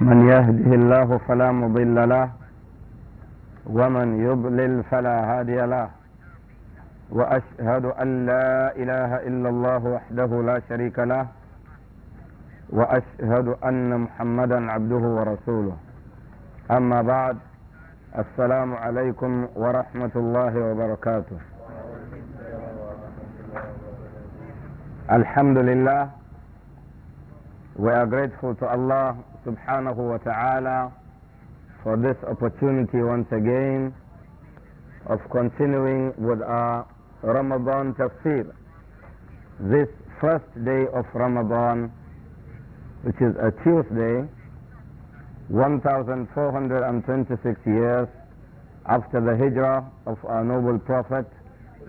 من يهده الله فلا مضل له ومن يضلل فلا هادي له واشهد ان لا اله الا الله وحده لا شريك له واشهد ان محمدا عبده ورسوله اما بعد السلام عليكم ورحمه الله وبركاته الحمد لله We are grateful to Allah subhanahu wa ta'ala for this opportunity once again of continuing with our Ramadan tafsir. This first day of Ramadan, which is a Tuesday, 1426 years after the hijrah of our noble Prophet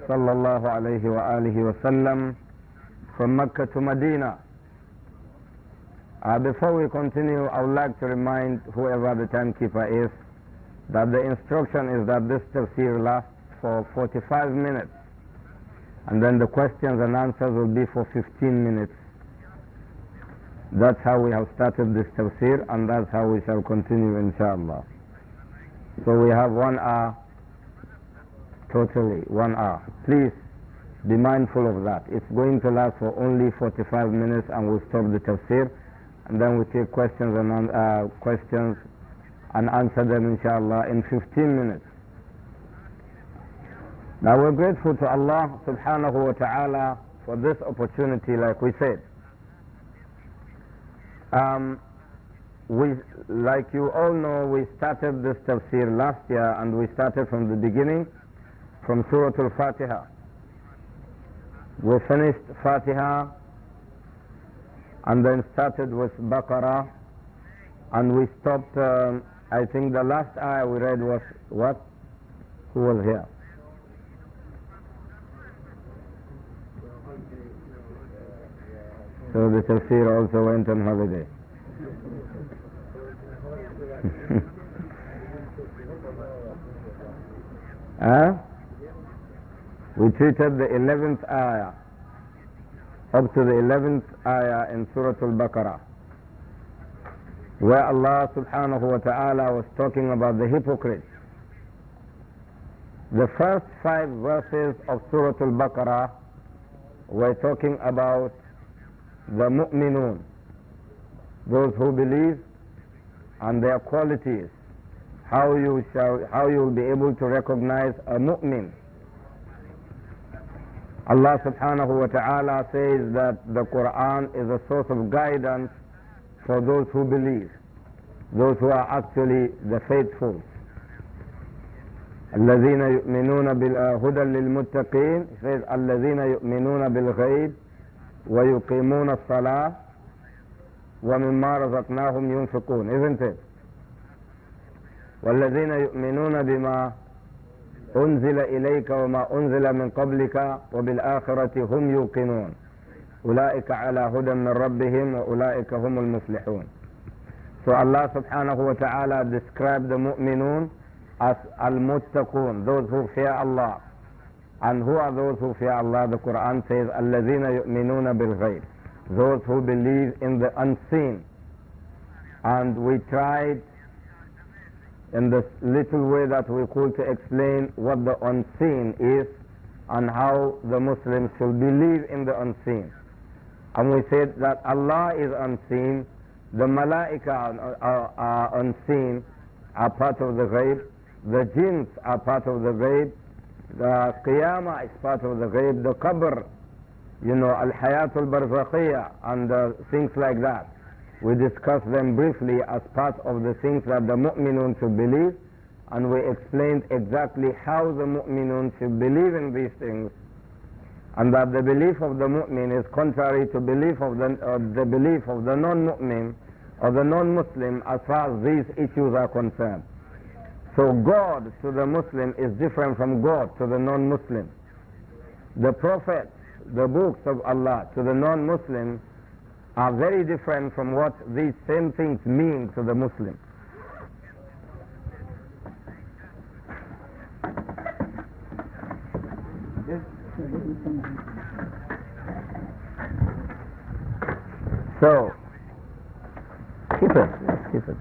sallallahu alayhi wa alihi wa sallam from Mecca to Medina. Uh, before we continue, I would like to remind whoever the timekeeper is that the instruction is that this tafsir lasts for 45 minutes and then the questions and answers will be for 15 minutes. That's how we have started this tafsir and that's how we shall continue inshallah. So we have one hour totally, one hour. Please be mindful of that. It's going to last for only 45 minutes and we'll stop the tafsir and then we take questions and uh, questions and answer them inshallah in 15 minutes. Now we're grateful to Allah subhanahu wa ta'ala for this opportunity like we said. Um, we, like you all know, we started this tafsir last year and we started from the beginning, from Surah Al-Fatiha. We finished Fatiha and then started with Baqarah and we stopped um, I think the last ayah we read was what? Who was here? So the tafsir also went on holiday. huh? We treated the 11th ayah up to the 11th ayah in Surah Al-Baqarah where Allah subhanahu wa ta'ala was talking about the hypocrites. The first five verses of Surah Al-Baqarah were talking about the mu'minun, those who believe and their qualities, how you shall, how you'll be able to recognize a mu'min Allah subhanahu wa ta'ala says that the Quran is a source of guidance for those who believe, those who are actually the faithful. الذين يؤمنون بالهدى للمتقين says الذين يؤمنون بالغيب ويقيمون الصلاة ومما رزقناهم ينفقون isn't it والذين يؤمنون بما أنزل إليك وما أنزل من قبلك وبالآخرة هم يوقنون أولئك على هدى من ربهم وأولئك هم المفلحون So Allah subhanahu wa ta'ala described the mu'minun as al-muttaqun, those who fear Allah. And who are those who fear Allah? The Quran says, الَّذِينَ يُؤْمِنُونَ بِالْغَيْبِ Those who believe in the unseen. And we tried in the little way that we could to explain what the unseen is and how the Muslims should believe in the unseen. And we said that Allah is unseen, the Malaika are, are, are unseen, are part of the grave, the jinns are part of the grave, the Qiyamah is part of the grave, the Qabr, you know, Al-Hayatul Barzakhiyah and uh, things like that. We discussed them briefly as part of the things that the mu'minun should believe, and we explained exactly how the mu'minun should believe in these things, and that the belief of the mu'min is contrary to belief of the, uh, the belief of the non-mu'min or the non-Muslim as far as these issues are concerned. So God to the Muslim is different from God to the non-Muslim. The prophets, the books of Allah to the non-Muslim are very different from what these same things mean to the Muslim. So, keep it, keep it.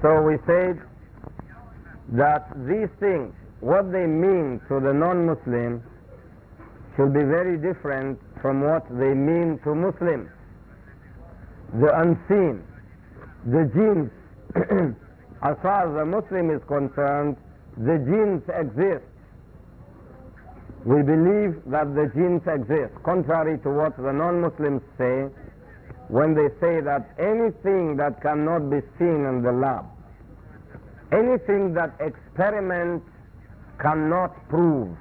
So we said that these things, what they mean to the non-Muslim, should be very different from what they mean to Muslims the unseen, the genes. as far as the Muslim is concerned, the genes exist. We believe that the genes exist, contrary to what the non-Muslims say when they say that anything that cannot be seen in the lab, anything that experiment cannot prove,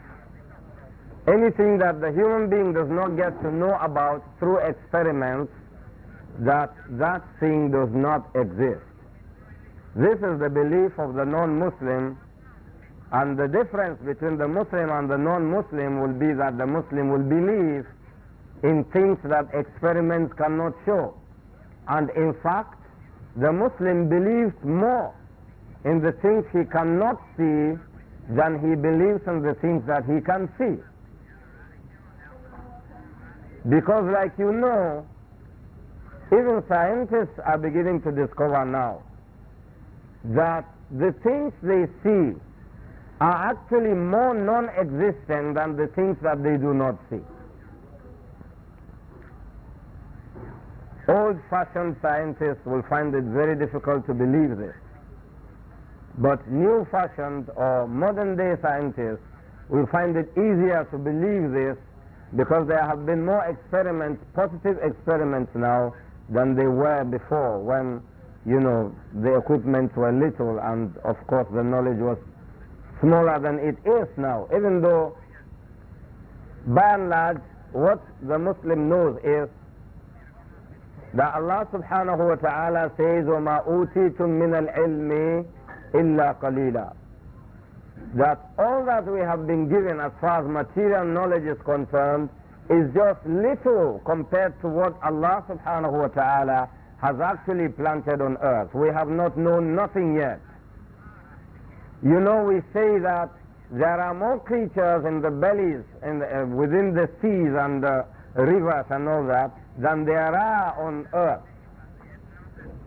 anything that the human being does not get to know about through experiments that that thing does not exist. This is the belief of the non-Muslim and the difference between the Muslim and the non-Muslim will be that the Muslim will believe in things that experiments cannot show. And in fact, the Muslim believes more in the things he cannot see than he believes in the things that he can see. Because like you know, even scientists are beginning to discover now that the things they see are actually more non existent than the things that they do not see. Old fashioned scientists will find it very difficult to believe this. But new fashioned or modern day scientists will find it easier to believe this because there have been more experiments, positive experiments now, than they were before when, you know, the equipment were little and, of course, the knowledge was smaller than it is now. Even though, by and large, what the Muslim knows is that Allah subhanahu wa ta'ala says, وَمَا أُوتِيتُم مِّنَ الْعِلْمِ إِلَّا قَلِيلًا That all that we have been given as far as material knowledge is concerned is just little compared to what Allah subhanahu wa ta'ala has actually planted on earth. We have not known nothing yet. You know, we say that there are more creatures in the bellies, in the, uh, within the seas and the rivers and all that, than there are on earth,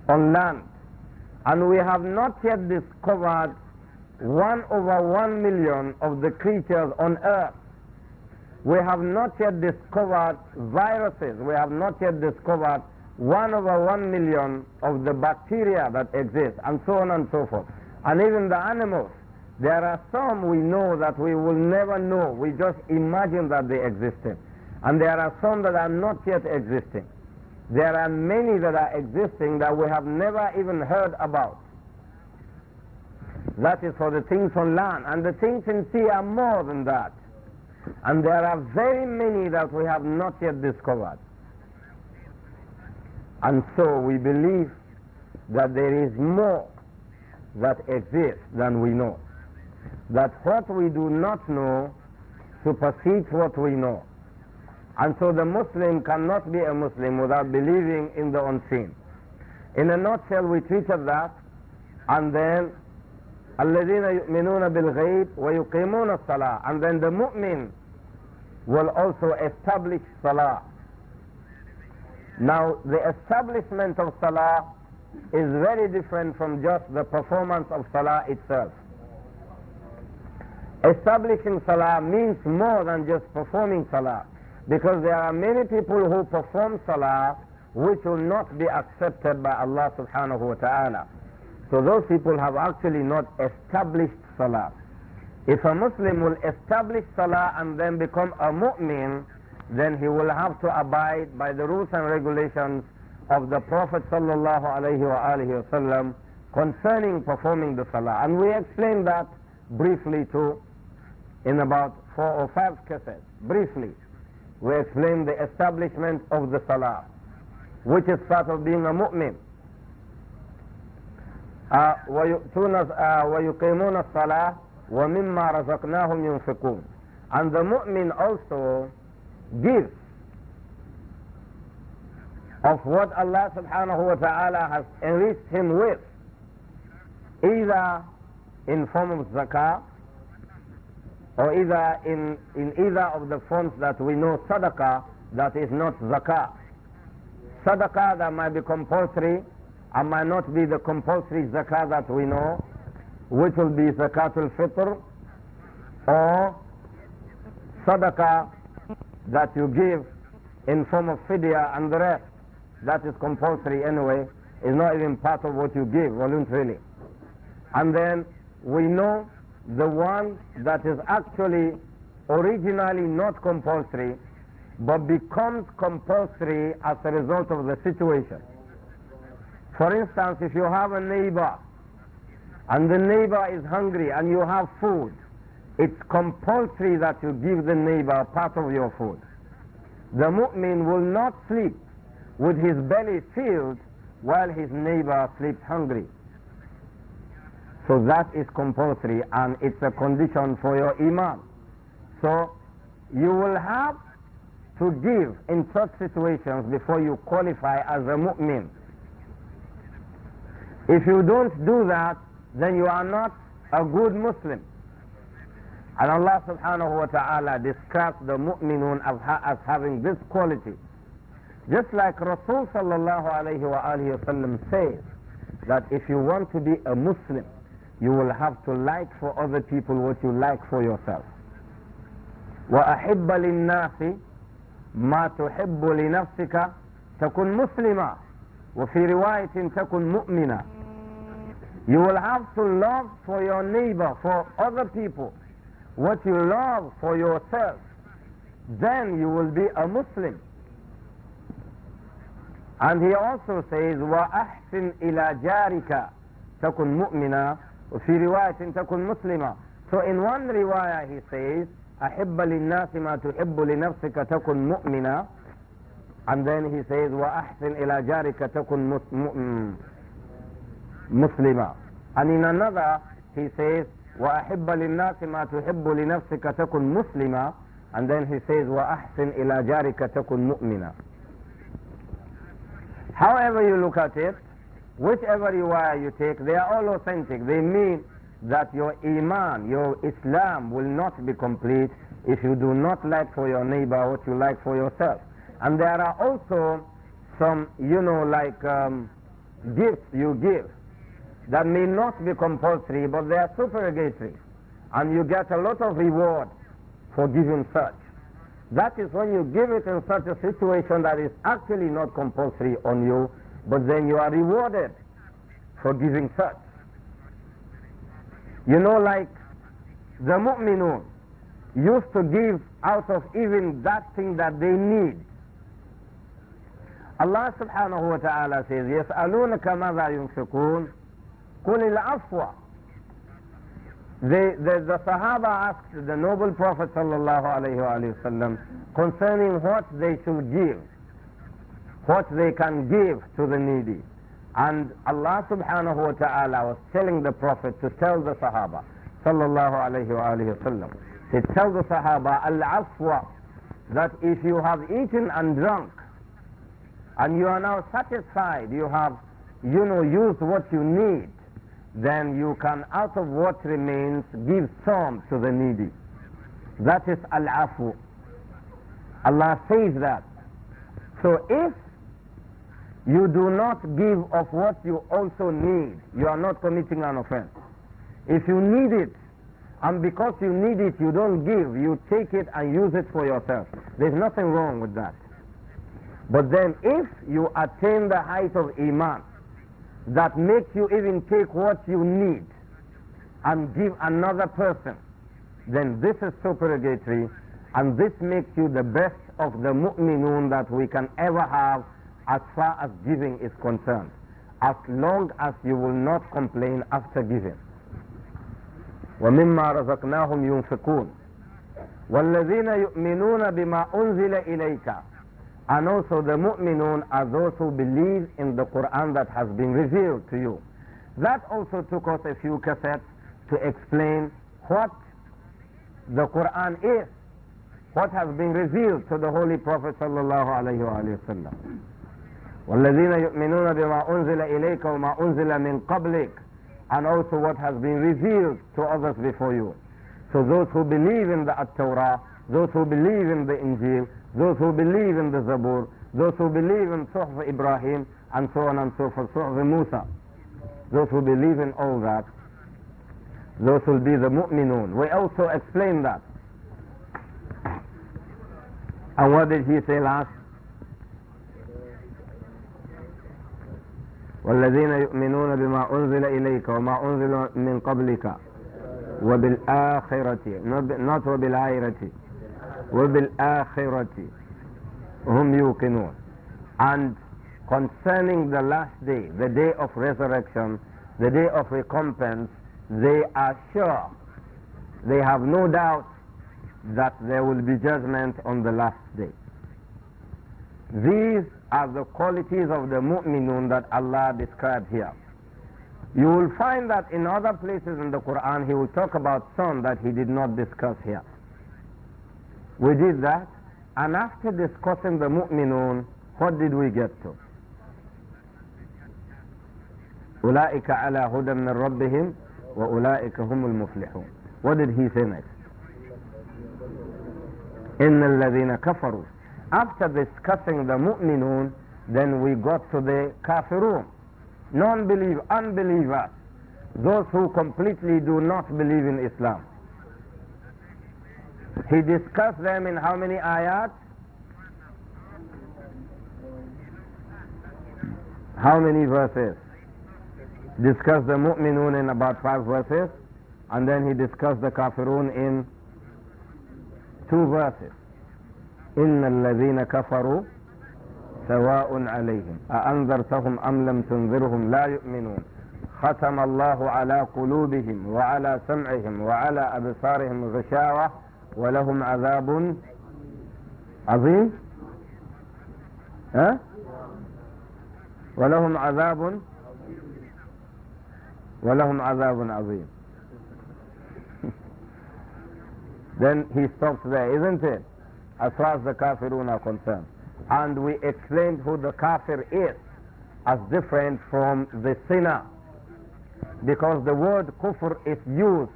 on land. And we have not yet discovered one over one million of the creatures on earth. We have not yet discovered viruses. We have not yet discovered one over one million of the bacteria that exist, and so on and so forth. And even the animals. There are some we know that we will never know. We just imagine that they existed. And there are some that are not yet existing. There are many that are existing that we have never even heard about. That is for the things on land. And the things in sea are more than that. And there are very many that we have not yet discovered. And so we believe that there is more that exists than we know. That what we do not know supersedes what we know. And so the Muslim cannot be a Muslim without believing in the unseen. In a nutshell, we treated that, and then الذين يؤمنون بالغيب ويقيمون الصلاة and then the mu'min will also establish salah. Now, the establishment of salah is very different from just the performance of salah itself. Establishing salah means more than just performing salah because there are many people who perform salah which will not be accepted by Allah subhanahu wa ta'ala. So those people have actually not established salah. If a Muslim will establish salah and then become a mu'min, then he will have to abide by the rules and regulations of the Prophet sallallahu alaihi wasallam concerning performing the salah. And we explained that briefly too in about four or five cases. Briefly, we explained the establishment of the salah, which is part of being a mu'min. Uh, ويؤتون uh, ويقيمون الصلاة وَمِمَّا رَزَقْنَاهُمْ يُنْفِقُونَ And the mu'min also gives of what Allah subhanahu wa ta'ala has enriched him with, either in form of zakah or either in, in either of the forms that we know sadaqah that is not zakah. Sadaqah that might be compulsory and might not be the compulsory zakah that we know, which will be zakat al-fitr or sadaqah that you give in form of fidya and the rest. That is compulsory anyway. is not even part of what you give voluntarily. And then we know the one that is actually originally not compulsory but becomes compulsory as a result of the situation. For instance, if you have a neighbor and the neighbor is hungry and you have food, it's compulsory that you give the neighbor part of your food. The mu'min will not sleep with his belly filled while his neighbor sleeps hungry. So that is compulsory and it's a condition for your iman. So you will have to give in such situations before you qualify as a mu'min. If you don't do that, then you are not a good Muslim. And Allah subhanahu wa ta'ala describes the mu'minun as, ha as having this quality. Just like Rasul sallallahu alayhi wa alayhi wa says that if you want to be a Muslim, you will have to like for other people what you like for yourself. وَأَحِبَّ لِلنَّاسِ مَا تُحِبُّ لِنَفْسِكَ تَكُنْ مُسْلِمًا وفي رواية تكن مؤمنة you will have to love for your neighbor, for other people, what you love for yourself. Then you will be a Muslim. And he also says, وَأَحْسِنْ إِلَى جَارِكَ تَكُنْ مُؤْمِنًا وفي رواية تكن مسلمة So in one riwayah he says أحب للناس ما تحب لنفسك تكن مؤمنا And then he says وأحسن إلى جارك تكن مسلمة and in another, he says, وَأَحِبَّ لِلنَّاسِ مَا تُحِبُّ لِنَفْسِكَ تَكُنْ مُسْلِمًا And then he says, وَأَحْسِنْ إِلَى جَارِكَ تَكُنْ مُؤْمِنًا However you look at it, whichever way you take, they are all authentic. They mean that your iman, your Islam will not be complete if you do not like for your neighbor what you like for yourself. And there are also some, you know, like um, gifts you give that may not be compulsory, but they are supererogatory, and you get a lot of reward for giving such. That is when you give it in such a situation that is actually not compulsory on you, but then you are rewarded for giving such. You know, like the mu'minun used to give out of even that thing that they need. Allah subhanahu wa ta'ala says, يَسْأَلُونَكَ مَاذَا يُنْفِقُونَ قل العفو the, the, the Sahaba asked the noble Prophet concerning what they should give, what they can give to the needy. And Allah subhanahu wa ta'ala was telling the Prophet to tell the Sahaba وسلم, to tell the Sahaba al-afwa that if you have eaten and drunk and you are now satisfied, you have, you know, used what you need, then you can, out of what remains, give some to the needy. That is al-afu. Allah says that. So if you do not give of what you also need, you are not committing an offense. If you need it, and because you need it, you don't give, you take it and use it for yourself. There's nothing wrong with that. But then if you attain the height of Iman, that makes you even take what you need and give another person, then this is supererogatory and this makes you the best of the mu'minun that we can ever have as far as giving is concerned, as long as you will not complain after giving. ومما رزقناهم ينفقون والذين يؤمنون بما أنزل إليك and also the mu'minun are those who believe in the Quran that has been revealed to you. That also took us a few cassettes to explain what the Quran is, what has been revealed to the Holy Prophet sallallahu alayhi wa sallam. والذين يؤمنون بما أنزل إليك وما أنزل من قبلك and also what has been revealed to others before you. So those who believe in the At-Torah, those who believe in the Injil, those who believe in the Zabur, those who believe in Suhf Ibrahim, and so on and so forth, Suhf Musa. Those who believe in all that, those will be the mu'minun. We also explain that. And what did he say last? والذين يؤمنون بما أنزل إليك وما أنزل من قبلك وبالآخرة not وبالآخرة وبالآخرة هم يوقنون and concerning the last day the day of resurrection the day of recompense they are sure they have no doubt that there will be judgment on the last day these are the qualities of the mu'minun that Allah described here you will find that in other places in the Quran he will talk about some that he did not discuss here we did that. And after discussing the mu'minun, what did we get to? أولئك على هدى من ربهم وأولئك هم المفلحون What did he say next? إن الذين كفروا After discussing the mu'minun, then we got to the kafirun, non-believers, unbelievers, those who completely do not believe in Islam. He discussed them in how many ayat? How many verses? Discussed the mu'minun in about five verses, and then he discussed the kafirun in two verses. إن الذين كفروا سواء عليهم أأنذرتهم أم لم تنذرهم لا يؤمنون ختم الله على قلوبهم وعلى سمعهم وعلى أبصارهم غشاوة ولهم عذاب عظيم ها ولهم عذاب ولهم عذاب عظيم then he stops there isn't it as far as the kafirun are concerned and we explained who the kafir is as different from the sinner because the word kufr is used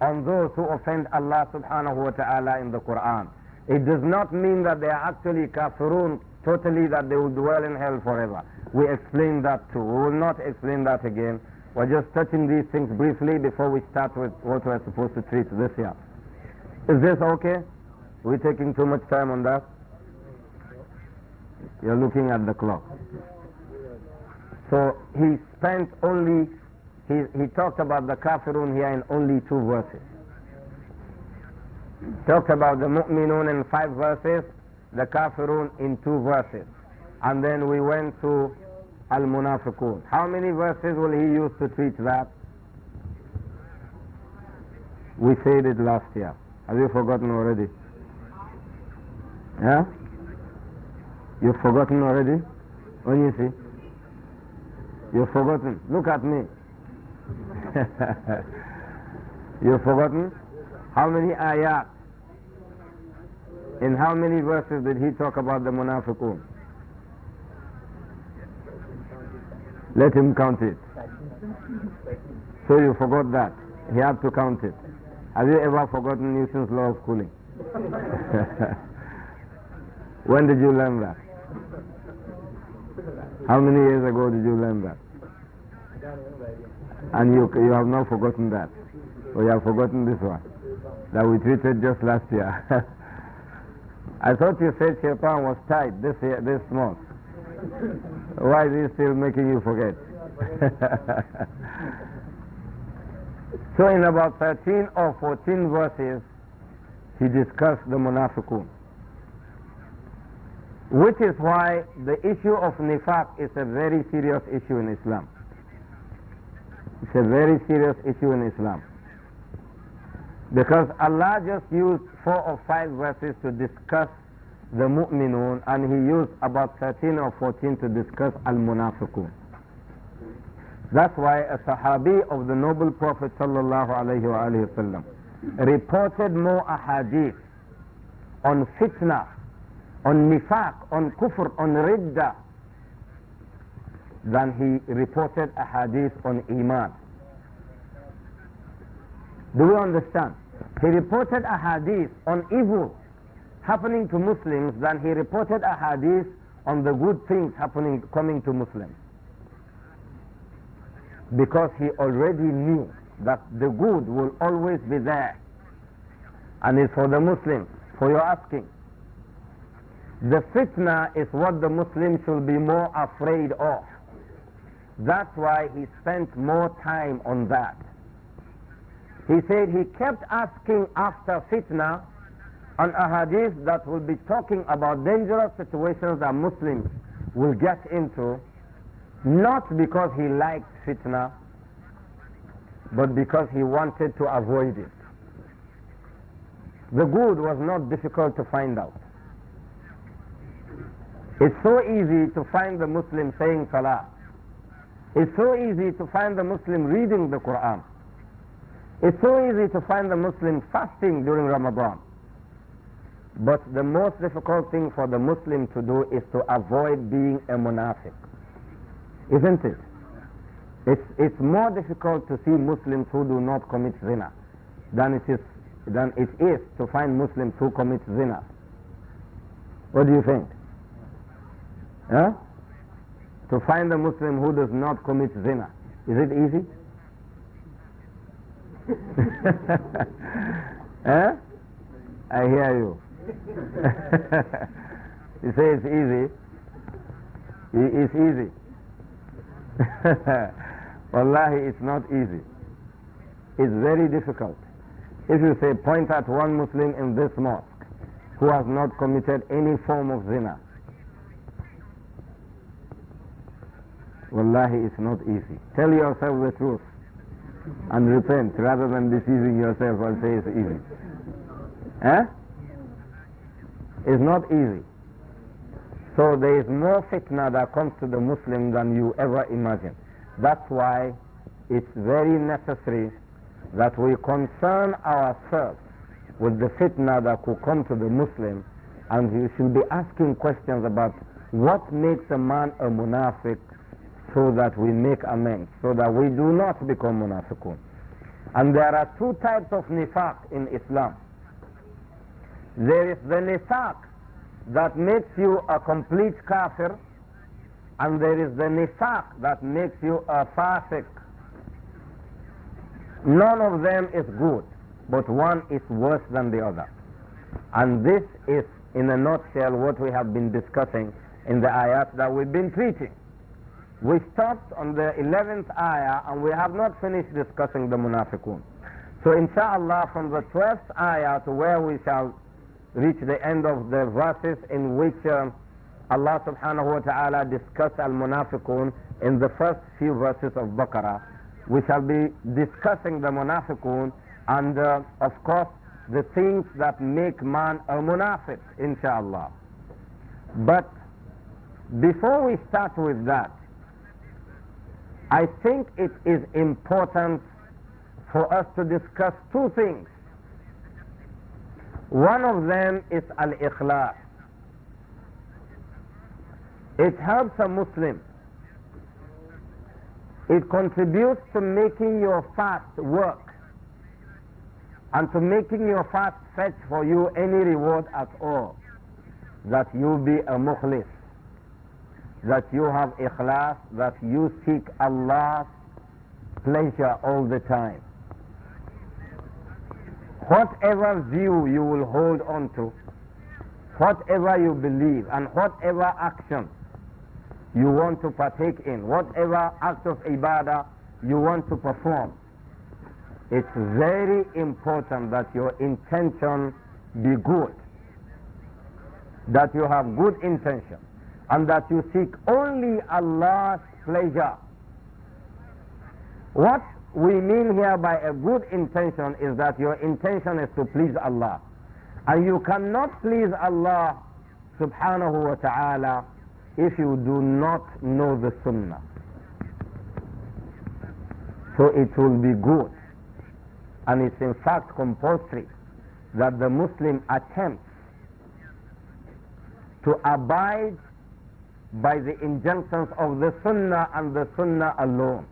on those who offend Allah subhanahu wa ta'ala in the Quran. It does not mean that they are actually kafirun totally, that they will dwell in hell forever. We explained that too. We will not explain that again. We're just touching these things briefly before we start with what we're supposed to treat this year. Is this okay? We're taking too much time on that? You're looking at the clock. So he spent only he, he talked about the kafirun here in only two verses. Talked about the mu'minun in five verses, the kafirun in two verses. And then we went to al-munafiqun. How many verses will he use to treat that? We said it last year. Have you forgotten already? Yeah? You've forgotten already? When you see? You've forgotten. Look at me. You've forgotten? How many ayat? In how many verses did he talk about the munafiqun? Let him count it. So you forgot that. He had to count it. Have you ever forgotten Newton's law of cooling? when did you learn that? How many years ago did you learn that? And you, you have not forgotten that. Or oh, you have forgotten this one that we treated just last year. I thought you said Shaitan was tied this year, this month. Why is he still making you forget? so in about 13 or 14 verses, he discussed the munafiqun. Which is why the issue of nifaq is a very serious issue in Islam. It's a very serious issue in Islam. Because Allah just used four or five verses to discuss the mu'minun and He used about 13 or 14 to discuss al-munafiqun. That's why a sahabi of the noble Prophet sallallahu alayhi wasallam reported more ahadith on fitna, on nifaq, on kufr, on ridda, than he reported a hadith on Iman. Do you understand? He reported a hadith on evil happening to Muslims than he reported a hadith on the good things happening coming to Muslims. Because he already knew that the good will always be there. And it's for the Muslims, for your asking. The fitna is what the Muslim should be more afraid of. That's why he spent more time on that. He said he kept asking after fitna an ahadith hadith that will be talking about dangerous situations that Muslims will get into, not because he liked fitna, but because he wanted to avoid it. The good was not difficult to find out. It's so easy to find the Muslim saying salah. It's so easy to find the Muslim reading the Quran. It's so easy to find the Muslim fasting during Ramadan. But the most difficult thing for the Muslim to do is to avoid being a monastic, Isn't it? It's, it's more difficult to see Muslims who do not commit zina than it is, than it is to find Muslims who commit zina. What do you think? Huh? to find a Muslim who does not commit zina. Is it easy? eh? I hear you. you say it's easy. It's easy. Wallahi, it's not easy. It's very difficult. If you say, point at one Muslim in this mosque who has not committed any form of zina, Wallahi, it's not easy. Tell yourself the truth and repent rather than deceiving yourself and say it's easy. Eh? It's not easy. So there is more fitna that comes to the Muslim than you ever imagine. That's why it's very necessary that we concern ourselves with the fitna that could come to the Muslim and you should be asking questions about what makes a man a munafiq so that we make amends, so that we do not become munafiqun. And there are two types of nifaq in Islam. There is the nifaq that makes you a complete kafir, and there is the nifaq that makes you a fasiq. None of them is good, but one is worse than the other. And this is, in a nutshell, what we have been discussing in the ayat that we've been preaching. We stopped on the 11th ayah and we have not finished discussing the munafiqun. So inshallah from the 12th ayah to where we shall reach the end of the verses in which uh, Allah subhanahu wa ta'ala discussed al-munafiqun in the first few verses of Baqarah. We shall be discussing the munafiqun and uh, of course the things that make man a munafiq, inshallah. But before we start with that, I think it is important for us to discuss two things. One of them is al-ikhlas. It helps a Muslim. It contributes to making your fast work and to making your fast fetch for you any reward at all. That you be a mukhlis that you have ikhlas, that you seek Allah's pleasure all the time. Whatever view you will hold on to, whatever you believe, and whatever action you want to partake in, whatever act of ibadah you want to perform, it's very important that your intention be good, that you have good intention and that you seek only Allah's pleasure. What we mean here by a good intention is that your intention is to please Allah. And you cannot please Allah subhanahu wa ta'ala if you do not know the sunnah. So it will be good. And it's in fact compulsory that the Muslim attempts to abide by the injunctions of the Sunnah and the Sunnah alone.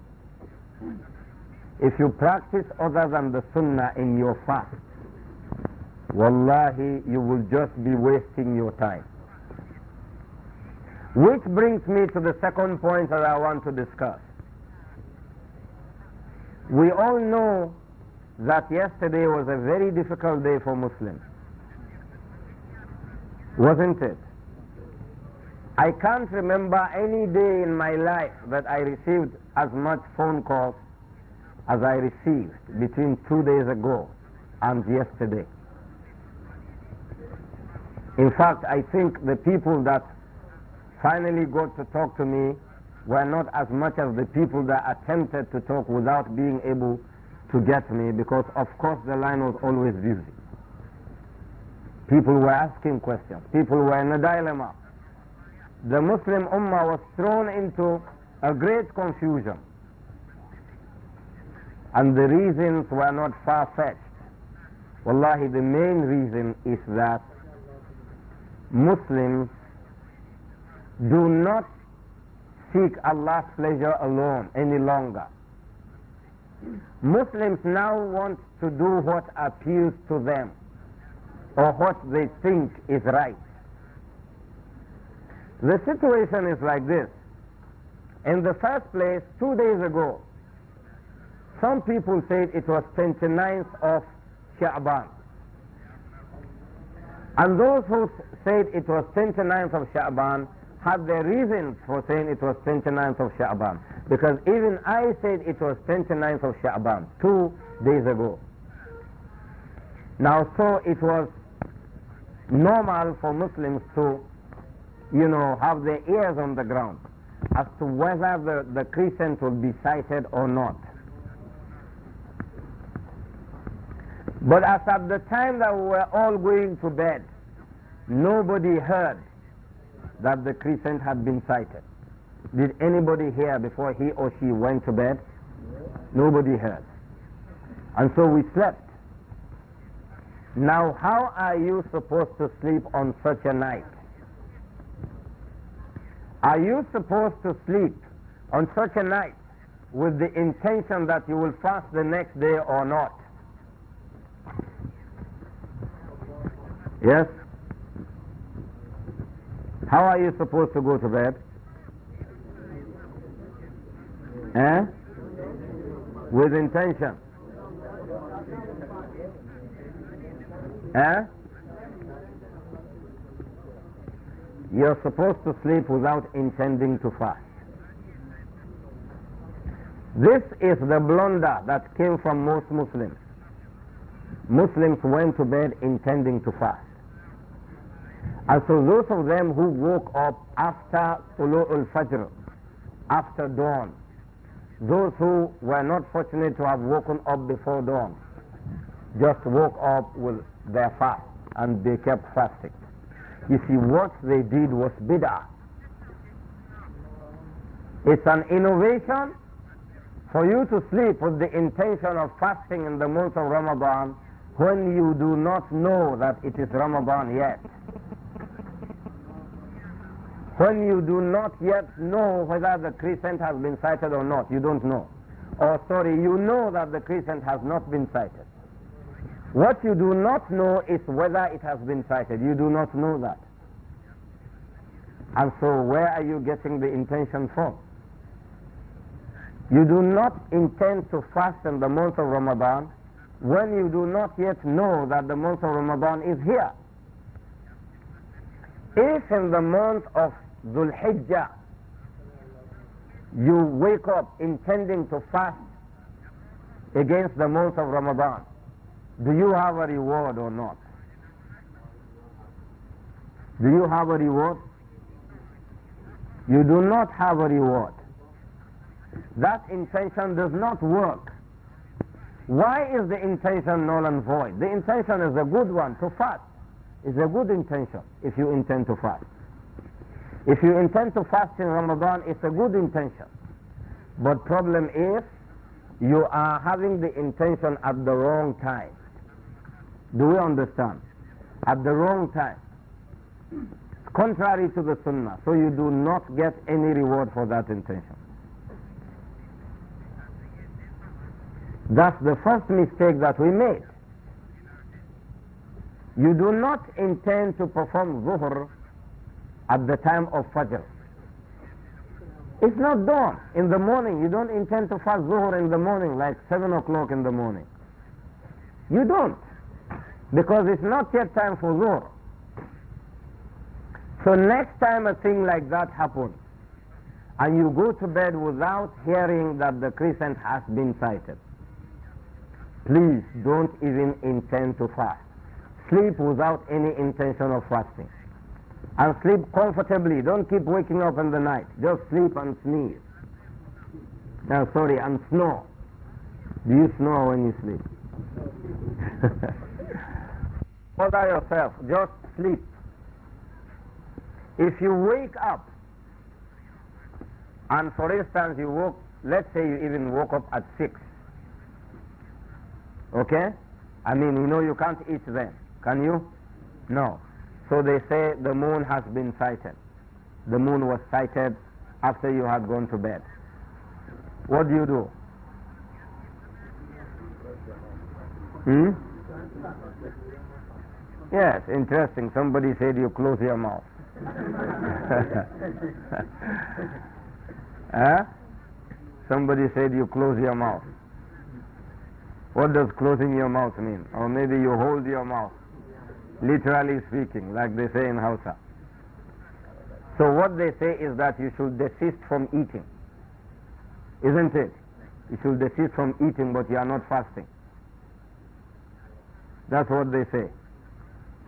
If you practice other than the Sunnah in your fast, wallahi, you will just be wasting your time. Which brings me to the second point that I want to discuss. We all know that yesterday was a very difficult day for Muslims, wasn't it? I can't remember any day in my life that I received as much phone calls as I received between two days ago and yesterday. In fact, I think the people that finally got to talk to me were not as much as the people that attempted to talk without being able to get me because, of course, the line was always busy. People were asking questions. People were in a dilemma the Muslim Ummah was thrown into a great confusion. And the reasons were not far-fetched. Wallahi, the main reason is that Muslims do not seek Allah's pleasure alone any longer. Muslims now want to do what appeals to them or what they think is right. The situation is like this. In the first place, two days ago, some people said it was 29th of Sha'ban. And those who said it was 29th of Sha'ban had their reasons for saying it was 29th of Sha'ban. Because even I said it was 29th of Sha'ban two days ago. Now, so it was normal for Muslims to you know, have their ears on the ground as to whether the, the crescent will be sighted or not. But as at the time that we were all going to bed, nobody heard that the crescent had been sighted. Did anybody hear before he or she went to bed? Nobody heard. And so we slept. Now, how are you supposed to sleep on such a night? Are you supposed to sleep on such a night with the intention that you will fast the next day or not? Yes? How are you supposed to go to bed? Eh? With intention. Eh? you're supposed to sleep without intending to fast. This is the blunder that came from most Muslims. Muslims went to bed intending to fast. And so those of them who woke up after Tulu'ul Fajr, after dawn, those who were not fortunate to have woken up before dawn, just woke up with their fast and they kept fasting. You see, what they did was bid'ah. It's an innovation for you to sleep with the intention of fasting in the month of Ramadan when you do not know that it is Ramadan yet. When you do not yet know whether the crescent has been sighted or not, you don't know. Or, sorry, you know that the crescent has not been sighted. What you do not know is whether it has been cited. You do not know that. And so, where are you getting the intention from? You do not intend to fast in the month of Ramadan when you do not yet know that the month of Ramadan is here. If in the month of Dhul Hijjah you wake up intending to fast against the month of Ramadan, do you have a reward or not? Do you have a reward? You do not have a reward. That intention does not work. Why is the intention null and void? The intention is a good one to fast. It's a good intention if you intend to fast. If you intend to fast in Ramadan, it's a good intention. But problem is, you are having the intention at the wrong time. Do we understand? At the wrong time. Contrary to the sunnah. So you do not get any reward for that intention. That's the first mistake that we made. You do not intend to perform zuhr at the time of fajr. It's not dawn in the morning. You don't intend to fast zuhr in the morning, like 7 o'clock in the morning. You don't because it's not yet time for war. So next time a thing like that happens, and you go to bed without hearing that the crescent has been sighted, please don't even intend to fast. Sleep without any intention of fasting. And sleep comfortably. Don't keep waking up in the night. Just sleep and sneeze. No, sorry, and snore. Do you snore when you sleep? Bother yourself, just sleep. If you wake up, and for instance you woke, let's say you even woke up at 6, okay? I mean, you know you can't eat then, can you? No. So they say the moon has been sighted. The moon was sighted after you had gone to bed. What do you do? Hmm? Yes, interesting. Somebody said you close your mouth. huh? Somebody said you close your mouth. What does closing your mouth mean? Or maybe you hold your mouth, literally speaking, like they say in Hausa. So what they say is that you should desist from eating. Isn't it? You should desist from eating, but you are not fasting. That's what they say.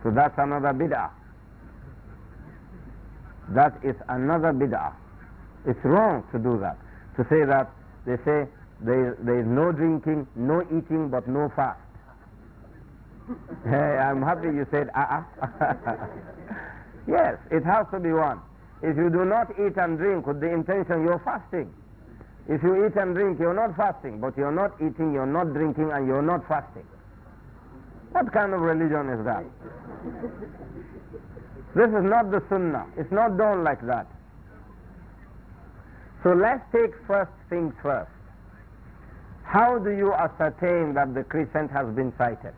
So that's another bid'ah. That is another bid'ah. It's wrong to do that. To say that they say there is, there is no drinking, no eating, but no fast. hey, I'm happy you said ah. Uh-uh. yes, it has to be one. If you do not eat and drink with the intention you're fasting. If you eat and drink, you're not fasting, but you're not eating, you're not drinking, and you're not fasting. What kind of religion is that? This is not the sunnah. It's not done like that. So let's take first things first. How do you ascertain that the crescent has been sighted?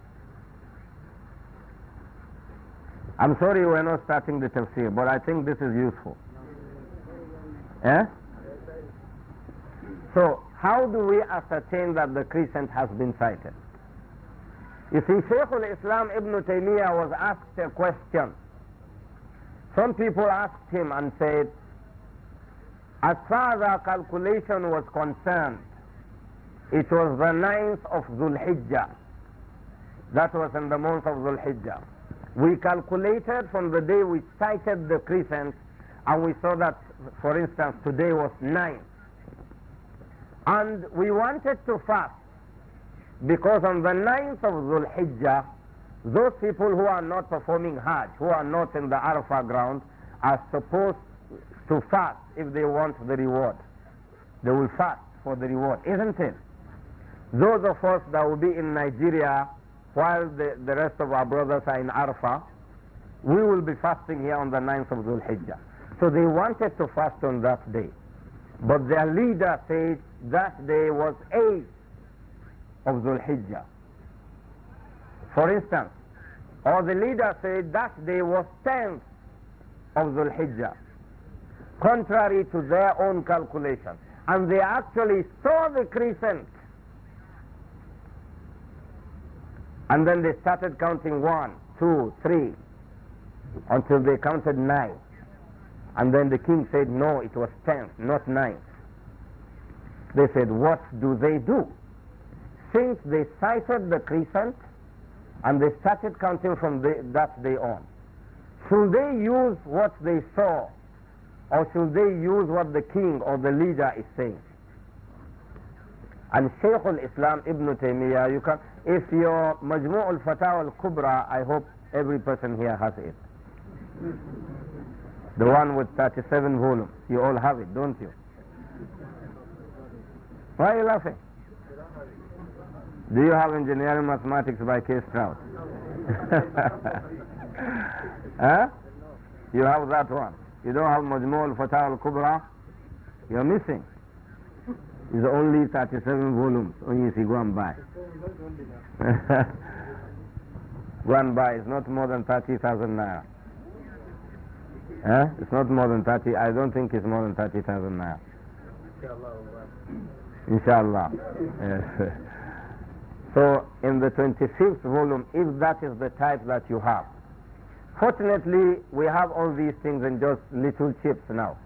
I'm sorry we're not starting the tafsir, but I think this is useful. Eh? So, how do we ascertain that the crescent has been sighted? You see, Shaykh al-Islam Ibn Taymiyyah was asked a question. Some people asked him and said, as far as our calculation was concerned, it was the ninth of Zulhijjah. That was in the month of Zulhijjah. We calculated from the day we sighted the crescent and we saw that, for instance, today was 9. And we wanted to fast. Because on the ninth of Dhul Hijjah, those people who are not performing Hajj, who are not in the Arafah ground, are supposed to fast if they want the reward. They will fast for the reward, isn't it? Those of us that will be in Nigeria while the, the rest of our brothers are in Arafah, we will be fasting here on the 9th of Dhul Hijjah. So they wanted to fast on that day. But their leader said that day was eight of Dhul Hijjah. For instance, or the leader said that day was 10th of Dhul Hijjah, contrary to their own calculation. And they actually saw the crescent. And then they started counting one, two, three, until they counted nine. And then the king said, no, it was 10th, not 9th. They said, what do they do? since they sighted the crescent and they started counting from the, that day on, should they use what they saw or should they use what the king or the leader is saying? And Shaykh al-Islam Ibn Taymiyyah, you can, if your Majmu' al Fatah al-Kubra, I hope every person here has it. The one with 37 volumes. You all have it, don't you? Why are you laughing? Do you have engineering mathematics by K. Strauss? huh? You have that one. You don't have Majmul Fatah al-Kubra? You're missing. It's only 37 volumes. Only if you go and buy. go and buy. It's not more than 30,000 naira. It's not more than 30. I don't think it's more than 30,000 naira. Inshallah. Yes. So in the 25th volume, if that is the type that you have. Fortunately, we have all these things in just little chips now,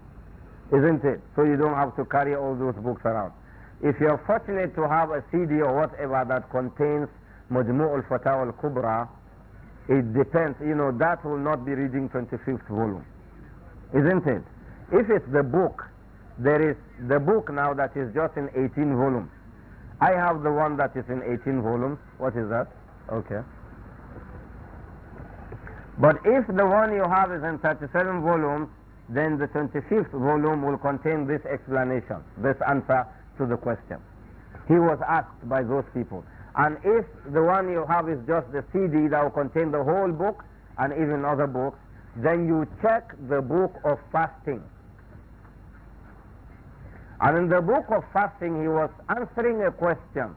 isn't it? So you don't have to carry all those books around. If you're fortunate to have a CD or whatever that contains Majmu' al fatah al-Kubra, it depends. You know, that will not be reading 25th volume, isn't it? If it's the book, there is the book now that is just in 18 volumes. I have the one that is in 18 volumes. What is that? Okay. But if the one you have is in 37 volumes, then the 25th volume will contain this explanation, this answer to the question. He was asked by those people. And if the one you have is just the CD that will contain the whole book and even other books, then you check the book of fasting and in the book of fasting, he was answering a question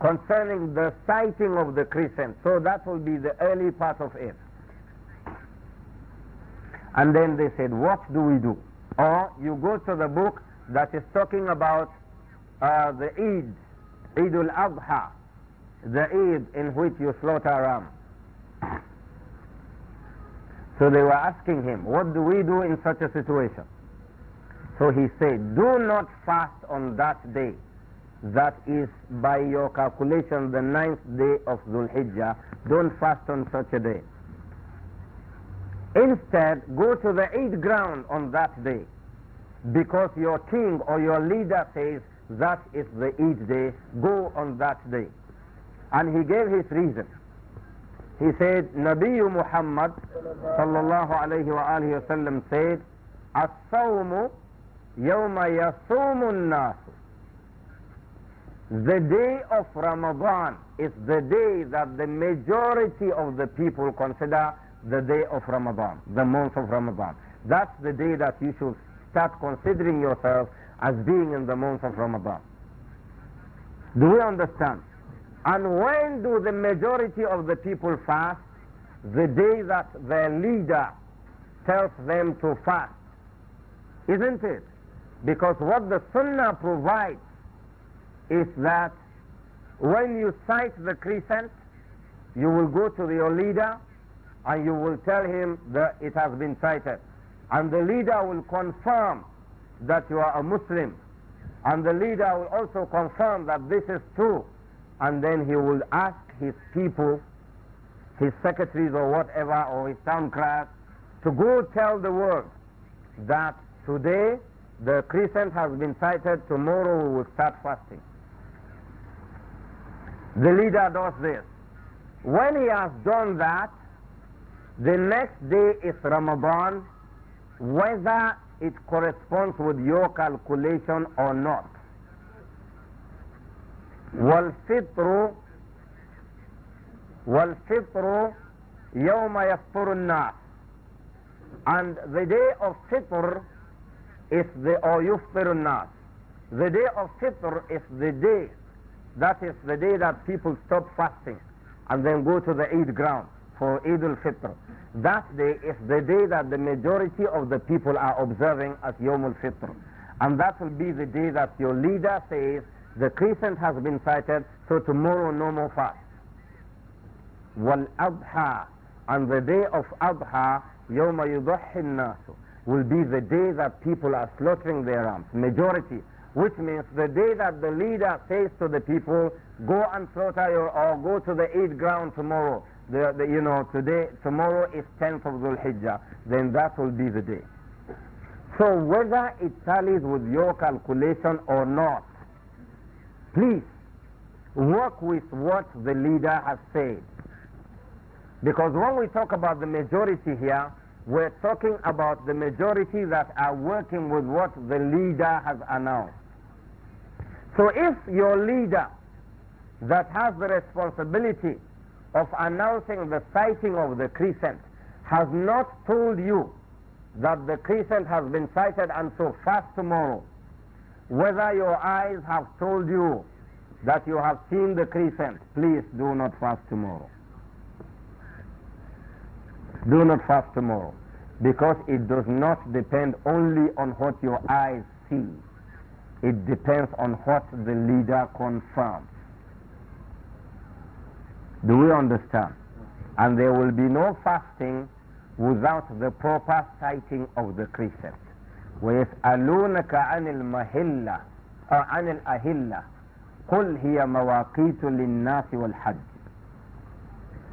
concerning the sighting of the crescent. So that will be the early part of it. And then they said, What do we do? Or you go to the book that is talking about uh, the Eid, Eid al Adha, the Eid in which you slaughter ram. So they were asking him, What do we do in such a situation? So he said, Do not fast on that day. That is by your calculation the ninth day of Dhul Hijjah. Don't fast on such a day. Instead, go to the eighth ground on that day because your king or your leader says that is the eighth day. Go on that day. And he gave his reason. He said, Nabi Muhammad sallallahu alayhi wa sallam said, As-sawmu يوم يصوم الناس the day of Ramadan is the day that the majority of the people consider the day of Ramadan, the month of Ramadan. That's the day that you should start considering yourself as being in the month of Ramadan. Do we understand? And when do the majority of the people fast? The day that their leader tells them to fast. Isn't it? Because what the Sunnah provides is that when you sight the crescent, you will go to your leader and you will tell him that it has been sighted. And the leader will confirm that you are a Muslim. And the leader will also confirm that this is true. And then he will ask his people, his secretaries or whatever, or his town clerk, to go tell the world that today the crescent has been sighted. Tomorrow we will start fasting. The leader does this. When he has done that, the next day is Ramadan, whether it corresponds with your calculation or not. والفطر والفطر يوم يفطر الناس and the day of fitr is the Oyuftirun Nas. The day of Fitr is the day, that is the day that people stop fasting and then go to the Eid ground for Eid al-Fitr. That day is the day that the majority of the people are observing as Yom al-Fitr. And that will be the day that your leader says, the crescent has been sighted, so tomorrow no more fast. Wal-Abha, and the day of Abha, يوم يضحي Nasu will be the day that people are slaughtering their arms, majority, which means the day that the leader says to the people, go and slaughter your, or go to the Eid ground tomorrow, the, the, you know, today, tomorrow is 10th of Dhul Hijjah, then that will be the day. So whether it tallies with your calculation or not, please work with what the leader has said. Because when we talk about the majority here, we're talking about the majority that are working with what the leader has announced. So if your leader that has the responsibility of announcing the sighting of the crescent has not told you that the crescent has been sighted and so fast tomorrow, whether your eyes have told you that you have seen the crescent, please do not fast tomorrow. Do not fast tomorrow because it does not depend only on what your eyes see. It depends on what the leader confirms. Do we understand? And there will be no fasting without the proper sighting of the crescent. ويسألونك عن المهلة أو عن الأهلة قل هي مواقيت للناس والحج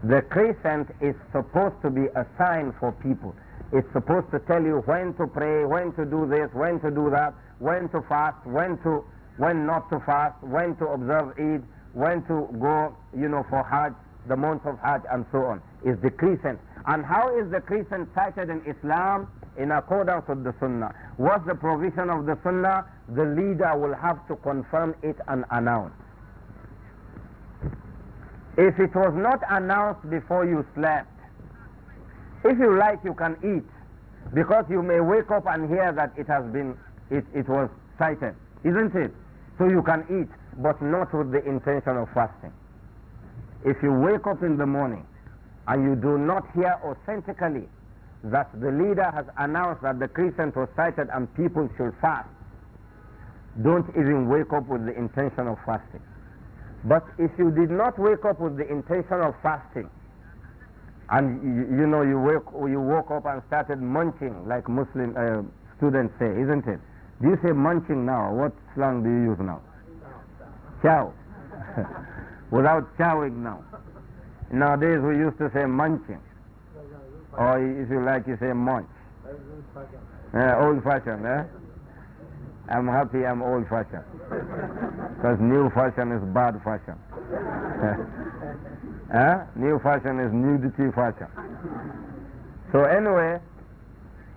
The crescent is supposed to be a sign for people. It's supposed to tell you when to pray, when to do this, when to do that, when to fast, when to when not to fast, when to observe Eid, when to go, you know, for Hajj, the month of Hajj, and so on. Is the crescent. And how is the crescent cited in Islam? In accordance with the Sunnah. What's the provision of the Sunnah? The leader will have to confirm it and announce. If it was not announced before you slept, if you like, you can eat, because you may wake up and hear that it has been, it, it was cited, isn't it? So you can eat, but not with the intention of fasting. If you wake up in the morning and you do not hear authentically that the leader has announced that the crescent was cited and people should fast, don't even wake up with the intention of fasting. But if you did not wake up with the intention of fasting, and you, you know, you woke, you woke up and started munching, like Muslim uh, students say, isn't it? Do you say munching now? What slang do you use now? Chow. Without chowing now. Nowadays we used to say munching. Or if you like, you say munch. Uh, old fashioned, eh? I'm happy I'm old fashioned. Because new fashion is bad fashion. New fashion is nudity fashion. So anyway,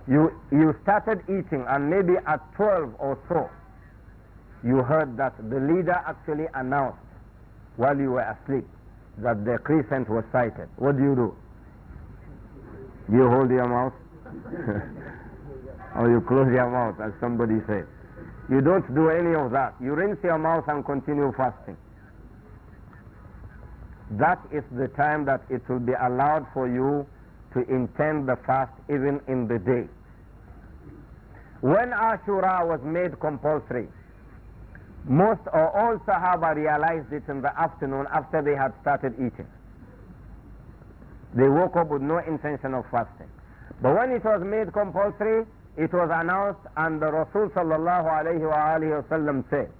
you, you started eating and maybe at 12 or so, you heard that the leader actually announced while you were asleep that the crescent was sighted. What do you do? Do you hold your mouth? or you close your mouth, as somebody said. You don't do any of that. You rinse your mouth and continue fasting. That is the time that it will be allowed for you to intend the fast even in the day. When Ashura was made compulsory, most or all Sahaba realized it in the afternoon after they had started eating. They woke up with no intention of fasting. But when it was made compulsory, it was announced and the Rasul sallallahu alayhi wa alayhi wa sallam said,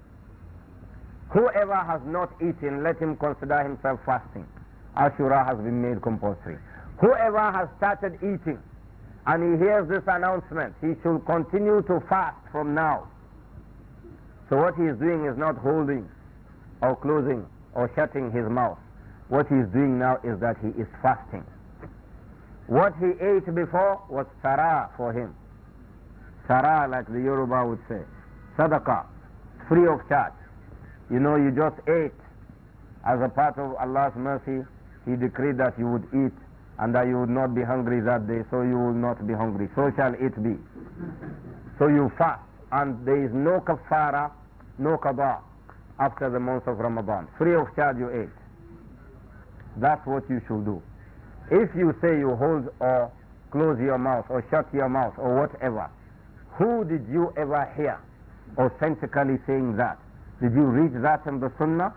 Whoever has not eaten, let him consider himself fasting. Ashura has been made compulsory. Whoever has started eating and he hears this announcement, he should continue to fast from now. So what he is doing is not holding or closing or shutting his mouth. What he is doing now is that he is fasting. What he ate before was sarah for him. Sarah, like the Yoruba would say, sadaqah, free of charge. You know, you just ate. As a part of Allah's mercy, He decreed that you would eat and that you would not be hungry that day, so you will not be hungry. So shall it be. So you fast, and there is no kafara, no qada after the month of Ramadan. Free of charge, you ate. That's what you should do. If you say you hold or close your mouth or shut your mouth or whatever, who did you ever hear authentically saying that? Did you read that in the Sunnah?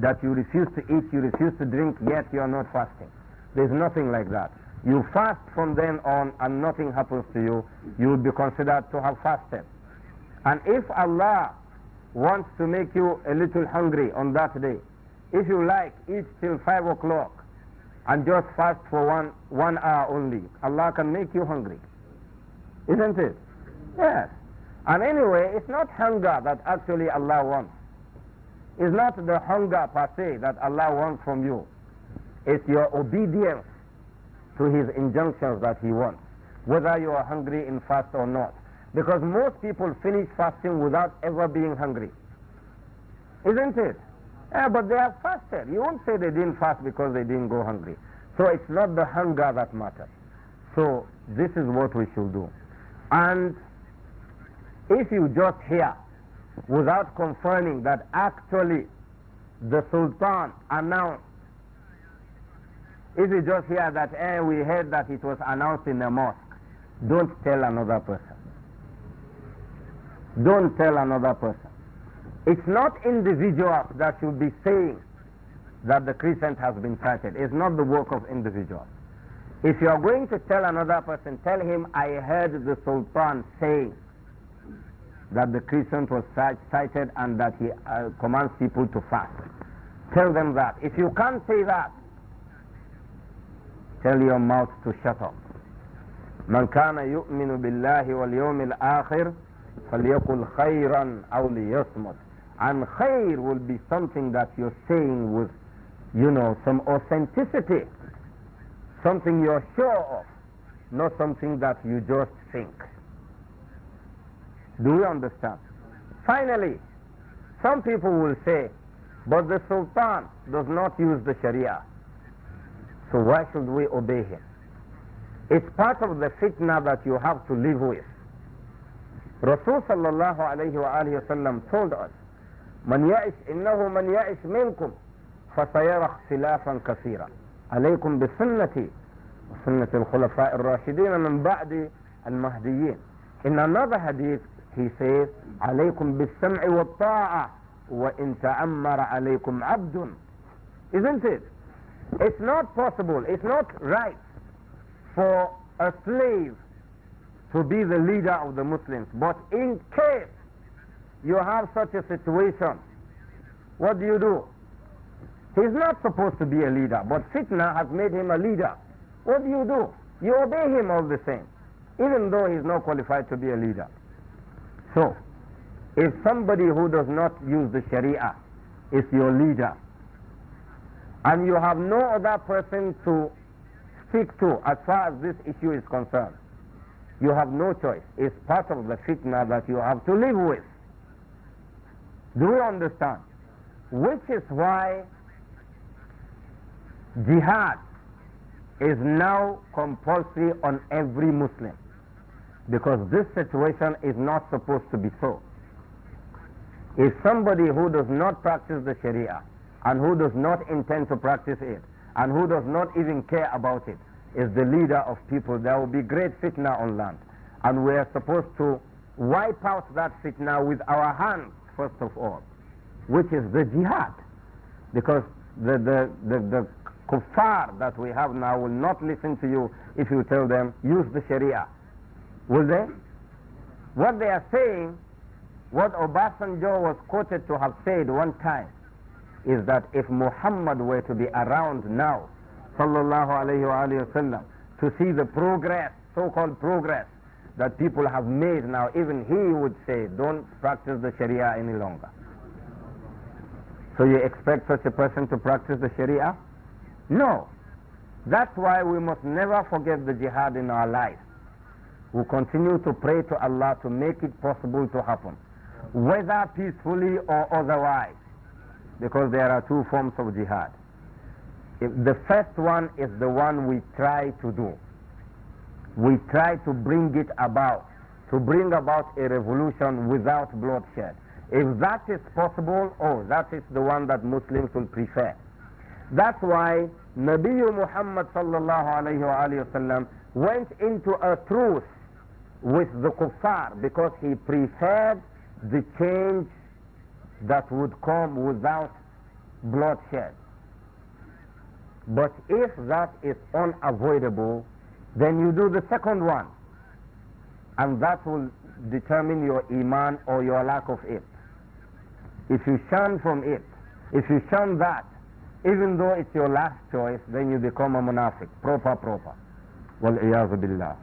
That you refuse to eat, you refuse to drink, yet you are not fasting. There's nothing like that. You fast from then on and nothing happens to you. You will be considered to have fasted. And if Allah wants to make you a little hungry on that day, if you like, eat till 5 o'clock and just fast for one, one hour only. Allah can make you hungry. Isn't it? Yes. And anyway, it's not hunger that actually Allah wants. It's not the hunger per se that Allah wants from you. It's your obedience to His injunctions that He wants, whether you are hungry in fast or not. Because most people finish fasting without ever being hungry. Isn't it? Yeah, but they have fasted. You won't say they didn't fast because they didn't go hungry. So it's not the hunger that matters. So this is what we should do. And if you just hear without confirming that actually the Sultan announced, if you just hear that, eh, we heard that it was announced in the mosque, don't tell another person. Don't tell another person. It's not individuals that should be saying that the crescent has been planted. It's not the work of individuals. If you are going to tell another person, tell him, I heard the Sultan saying that the Christian was cited and that he uh, commands people to fast. Tell them that. If you can't say that, tell your mouth to shut up. من كان يؤمن بالله واليوم الآخر فليقل خيرا أو ليصمت and خير will be something that you're saying with, you know, some authenticity, something you're sure of, not something that you just think. Do you understand? Finally, some people will say, but the Sultan does not use the Sharia. So why should we obey him? It's part of the fitna that you have to live with. Rasul sallallahu alayhi wa alayhi wa told us, من يعش إنه من يعش منكم فسيرى اختلافا كثيرا عليكم بسنتي وسنة الخلفاء الراشدين من بعد المهديين. إن another hadith, He says, عليكم بالسمع والطاعة وإن تأمر عليكم عبد. Isn't it? It's not possible, it's not right for a slave to be the leader of the Muslims. But in case you have such a situation, what do you do? He's not supposed to be a leader, but fitna has made him a leader. What do you do? You obey him all the same, even though he's not qualified to be a leader. So, if somebody who does not use the Sharia is your leader, and you have no other person to speak to as far as this issue is concerned, you have no choice. It's part of the fitna that you have to live with. Do you understand? Which is why jihad is now compulsory on every Muslim because this situation is not supposed to be so. If somebody who does not practice the Sharia and who does not intend to practice it and who does not even care about it is the leader of people, there will be great fitna on land. And we are supposed to wipe out that fitna with our hands, first of all, which is the jihad. Because the, the, the, the kuffar that we have now will not listen to you if you tell them, use the Sharia Will they? What they are saying, what Obasanjo was quoted to have said one time, is that if Muhammad were to be around now, sallallahu alayhi wasallam, to see the progress, so-called progress, that people have made now, even he would say, don't practice the Sharia any longer. So you expect such a person to practice the Sharia? No. That's why we must never forget the jihad in our lives. We continue to pray to Allah to make it possible to happen, whether peacefully or otherwise, because there are two forms of jihad. If the first one is the one we try to do. We try to bring it about, to bring about a revolution without bloodshed. If that is possible, oh, that is the one that Muslims will prefer. That's why Nabi Muhammad sallallahu alayhi wa went into a truce with the kuffar because he preferred the change that would come without bloodshed. But if that is unavoidable, then you do the second one. And that will determine your iman or your lack of it. If you shun from it, if you shun that, even though it's your last choice, then you become a monastic. proper, proper. Well, billah.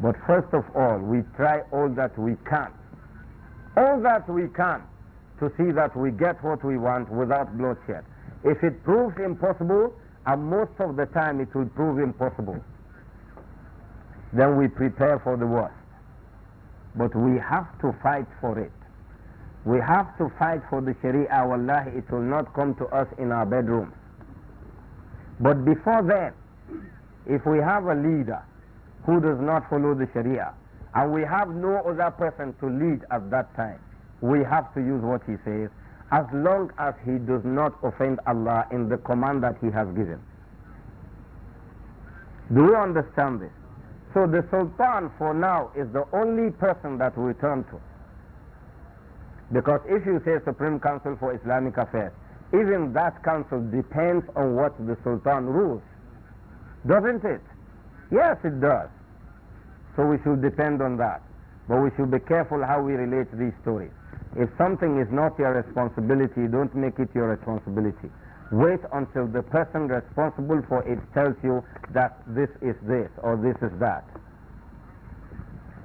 But first of all, we try all that we can, all that we can, to see that we get what we want without bloodshed. If it proves impossible, and most of the time it will prove impossible, then we prepare for the worst. But we have to fight for it. We have to fight for the Sharia. Wallahi, it will not come to us in our bedrooms. But before then, if we have a leader, who does not follow the Sharia, and we have no other person to lead at that time, we have to use what he says as long as he does not offend Allah in the command that he has given. Do we understand this? So the Sultan for now is the only person that we turn to. Because if you say Supreme Council for Islamic Affairs, even that council depends on what the Sultan rules, doesn't it? Yes, it does. So we should depend on that. But we should be careful how we relate these stories. If something is not your responsibility, don't make it your responsibility. Wait until the person responsible for it tells you that this is this or this is that.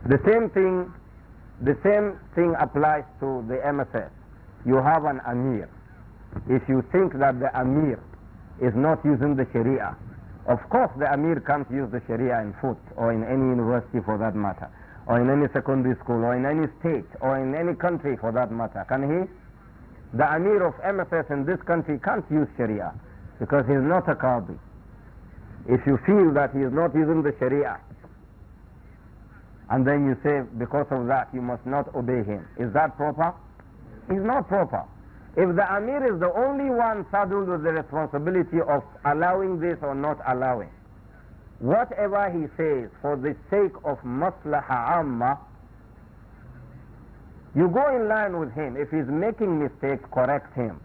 The same thing, the same thing applies to the MSS. You have an Amir. If you think that the Amir is not using the Sharia, of course, the Amir can't use the Sharia in foot or in any university for that matter, or in any secondary school, or in any state, or in any country for that matter. Can he? The Amir of MFS in this country can't use Sharia because he's not a Qadi. If you feel that he is not using the Sharia, and then you say, because of that, you must not obey him, is that proper? It's not proper. If the Amir is the only one saddled with the responsibility of allowing this or not allowing, whatever he says for the sake of maslaha amma, you go in line with him. If he's making mistakes, correct him.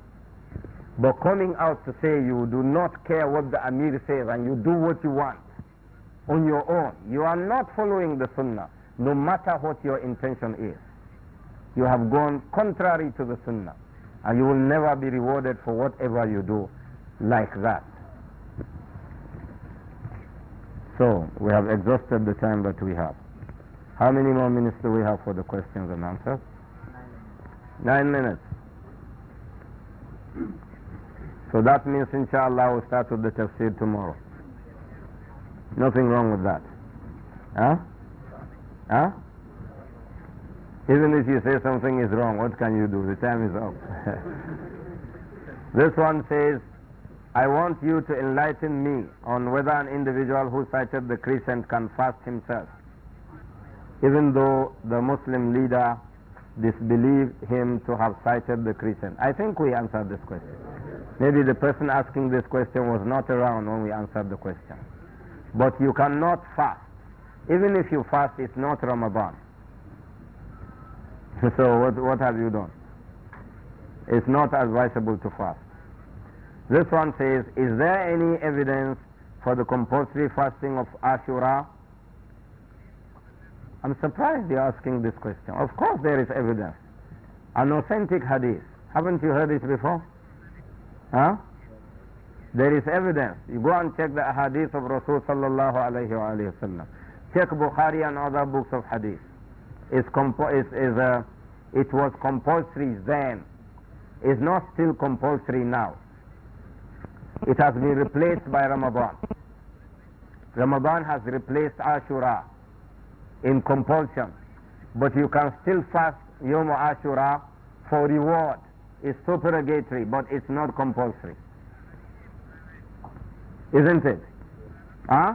But coming out to say you do not care what the Amir says and you do what you want on your own, you are not following the Sunnah, no matter what your intention is. You have gone contrary to the Sunnah. And you will never be rewarded for whatever you do like that. So, we have exhausted the time that we have. How many more minutes do we have for the questions and answers? Nine minutes. Nine minutes. So that means, inshallah, we'll start with the tafsir tomorrow. Nothing wrong with that. Huh? Huh? Even if you say something is wrong, what can you do? The time is up. this one says, I want you to enlighten me on whether an individual who cited the crescent can fast himself, even though the Muslim leader disbelieved him to have cited the crescent. I think we answered this question. Maybe the person asking this question was not around when we answered the question. But you cannot fast. Even if you fast, it's not Ramadan. so what, what have you done? It's not advisable to fast. This one says, is there any evidence for the compulsory fasting of Ashura? I'm surprised you're asking this question. Of course there is evidence. An authentic hadith. Haven't you heard it before? Huh? There is evidence. You go and check the hadith of Rasulullah sallallahu alayhi wa Check Bukhari and other books of hadith is, compo- is, is a, uh, it was compulsory then, is not still compulsory now. It has been replaced by Ramadan. Ramadan has replaced Ashura in compulsion, but you can still fast Yom Ashura for reward. It's supererogatory, but it's not compulsory. Isn't it? Huh?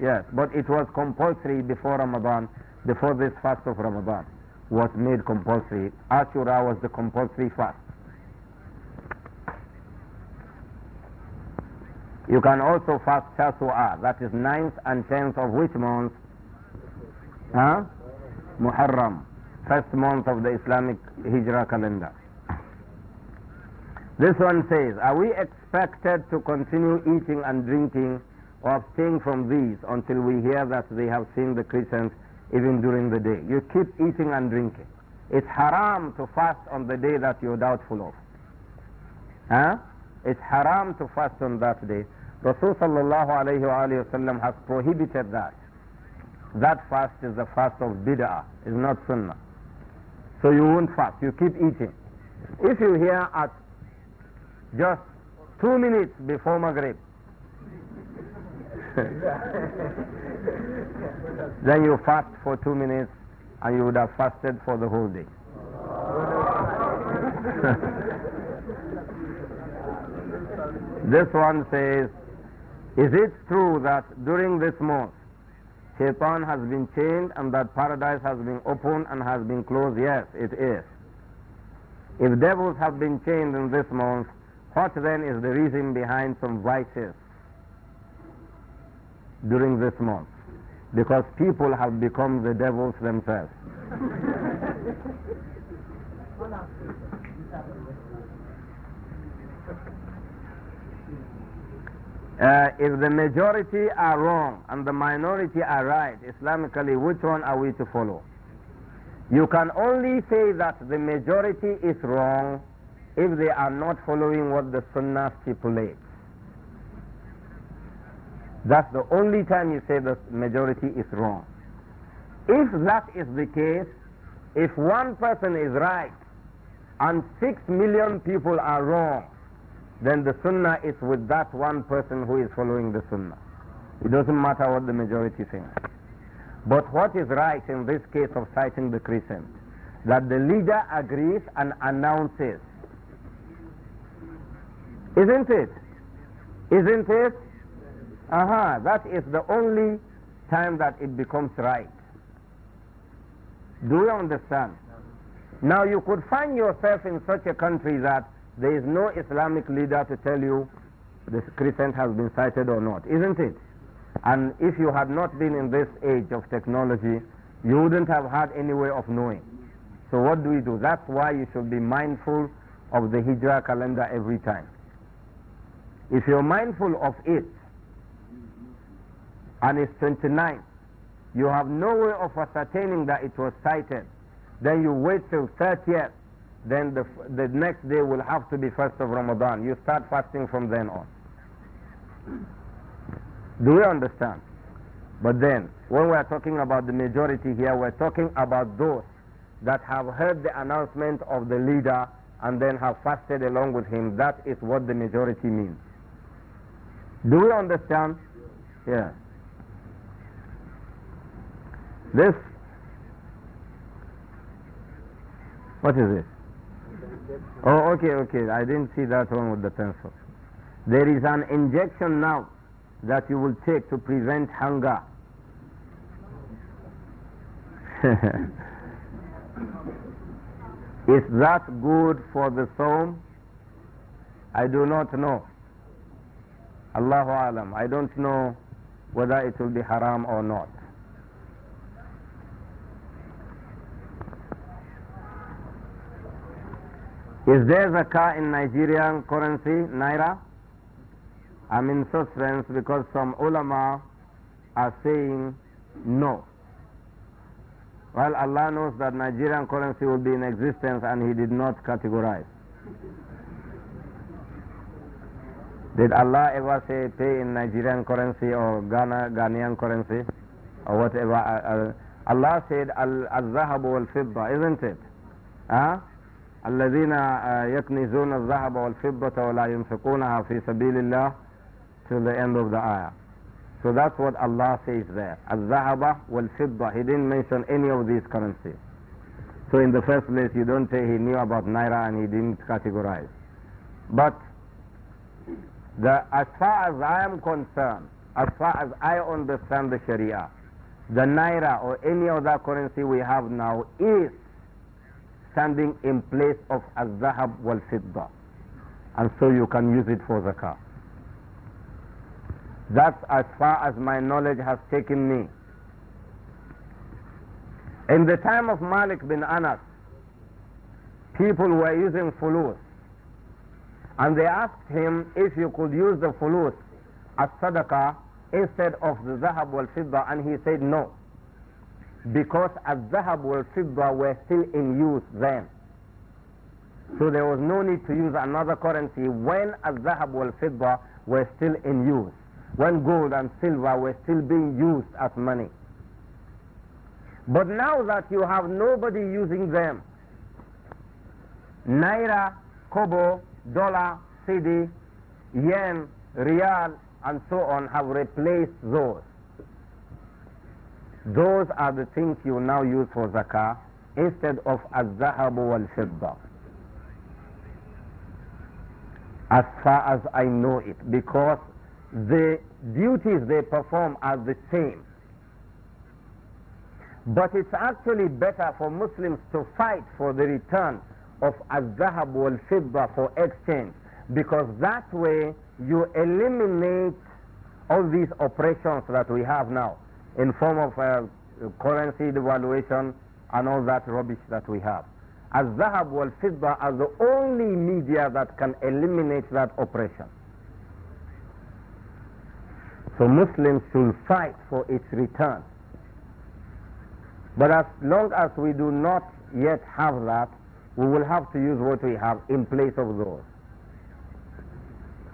Yes, but it was compulsory before Ramadan the this fast of Ramadan was made compulsory. Ashura was the compulsory fast. You can also fast Shasu'a, that is 9th and 10th of which month? Huh? Muharram, first month of the Islamic Hijrah calendar. This one says, Are we expected to continue eating and drinking or abstain from these until we hear that they have seen the crescent even during the day. You keep eating and drinking. It's haram to fast on the day that you're doubtful of. Huh? It's haram to fast on that day. Rasul has prohibited that. That fast is the fast of bid'ah, it's not sunnah. So you won't fast, you keep eating. If you hear at just two minutes before Maghrib, Then you fast for two minutes and you would have fasted for the whole day. this one says, Is it true that during this month Shaitan has been chained and that paradise has been opened and has been closed? Yes, it is. If devils have been chained in this month, what then is the reason behind some vices during this month? because people have become the devils themselves. Uh, if the majority are wrong and the minority are right, Islamically, which one are we to follow? You can only say that the majority is wrong if they are not following what the Sunnah stipulates. That's the only time you say the majority is wrong. If that is the case, if one person is right and six million people are wrong, then the sunnah is with that one person who is following the sunnah. It doesn't matter what the majority thinks. But what is right in this case of citing the crescent? That the leader agrees and announces. Isn't it? Isn't it? Aha, that is the only time that it becomes right. Do you understand? Now you could find yourself in such a country that there is no Islamic leader to tell you the crescent has been sighted or not, isn't it? And if you had not been in this age of technology, you wouldn't have had any way of knowing. So what do we do? That's why you should be mindful of the Hijra calendar every time. If you're mindful of it, and it's 29th, you have no way of ascertaining that it was sighted. Then you wait till 30th, then the, the next day will have to be 1st of Ramadan. You start fasting from then on. Do we understand? But then, when we are talking about the majority here, we're talking about those that have heard the announcement of the leader and then have fasted along with him. That is what the majority means. Do we understand? Yeah. This, what is it? Oh, okay, okay. I didn't see that one with the pencil. There is an injection now that you will take to prevent hunger. is that good for the soul? I do not know. Allahu Alam. I don't know whether it will be haram or not. Is there zakah in Nigerian currency, naira? I'm in suspense because some ulama are saying no. Well, Allah knows that Nigerian currency will be in existence and He did not categorize. Did Allah ever say pay in Nigerian currency or Ghana, Ghanaian currency or whatever? Uh, uh, Allah said al zahab wal-fidda, isn't it? Huh? الذين يكنزون الذهب والفضة ولا ينفقونها في سبيل الله till the end of the ayah. So that's what Allah says there. الذهب والفضة. He didn't mention any of these currencies. So in the first place, you don't say he knew about Naira and he didn't categorize. But the, as far as I am concerned, as far as I understand the Sharia, the Naira or any other currency we have now is standing in place of al-zahab wal-fidda. And so you can use it for zakah. That's as far as my knowledge has taken me. In the time of Malik bin Anas, people were using fulus. And they asked him if you could use the fulus as sadaqah instead of the zahab wal fidda, and he said no because al-zahab wal-fidda were still in use then. So there was no need to use another currency when al-zahab wal-fidda were still in use, when gold and silver were still being used as money. But now that you have nobody using them, naira, kobo, dollar, cedi, yen, rial, and so on have replaced those. Those are the things you now use for zakah instead of az-zahab wal-fidda. As far as I know it, because the duties they perform are the same. But it's actually better for Muslims to fight for the return of az-zahab wal-fidda for exchange, because that way you eliminate all these oppressions that we have now in form of uh, currency devaluation and all that rubbish that we have. Al-Zahab wal-Fidda are the only media that can eliminate that oppression. So Muslims should fight for its return. But as long as we do not yet have that, we will have to use what we have in place of those.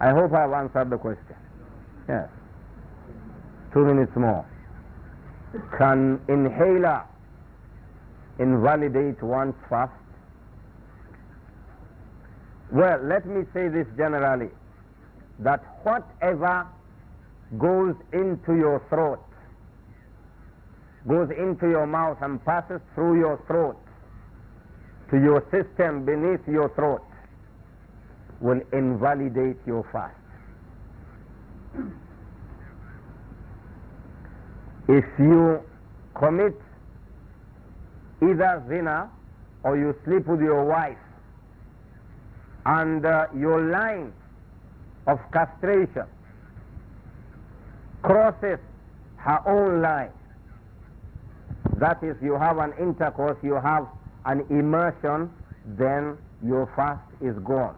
I hope I have answered the question. Yes. Two minutes more. Can inhaler invalidate one's fast? Well, let me say this generally that whatever goes into your throat, goes into your mouth and passes through your throat to your system beneath your throat, will invalidate your fast. If you commit either zina or you sleep with your wife and uh, your line of castration crosses her own line, that is, you have an intercourse, you have an immersion, then your fast is gone.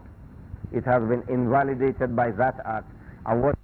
It has been invalidated by that act. And what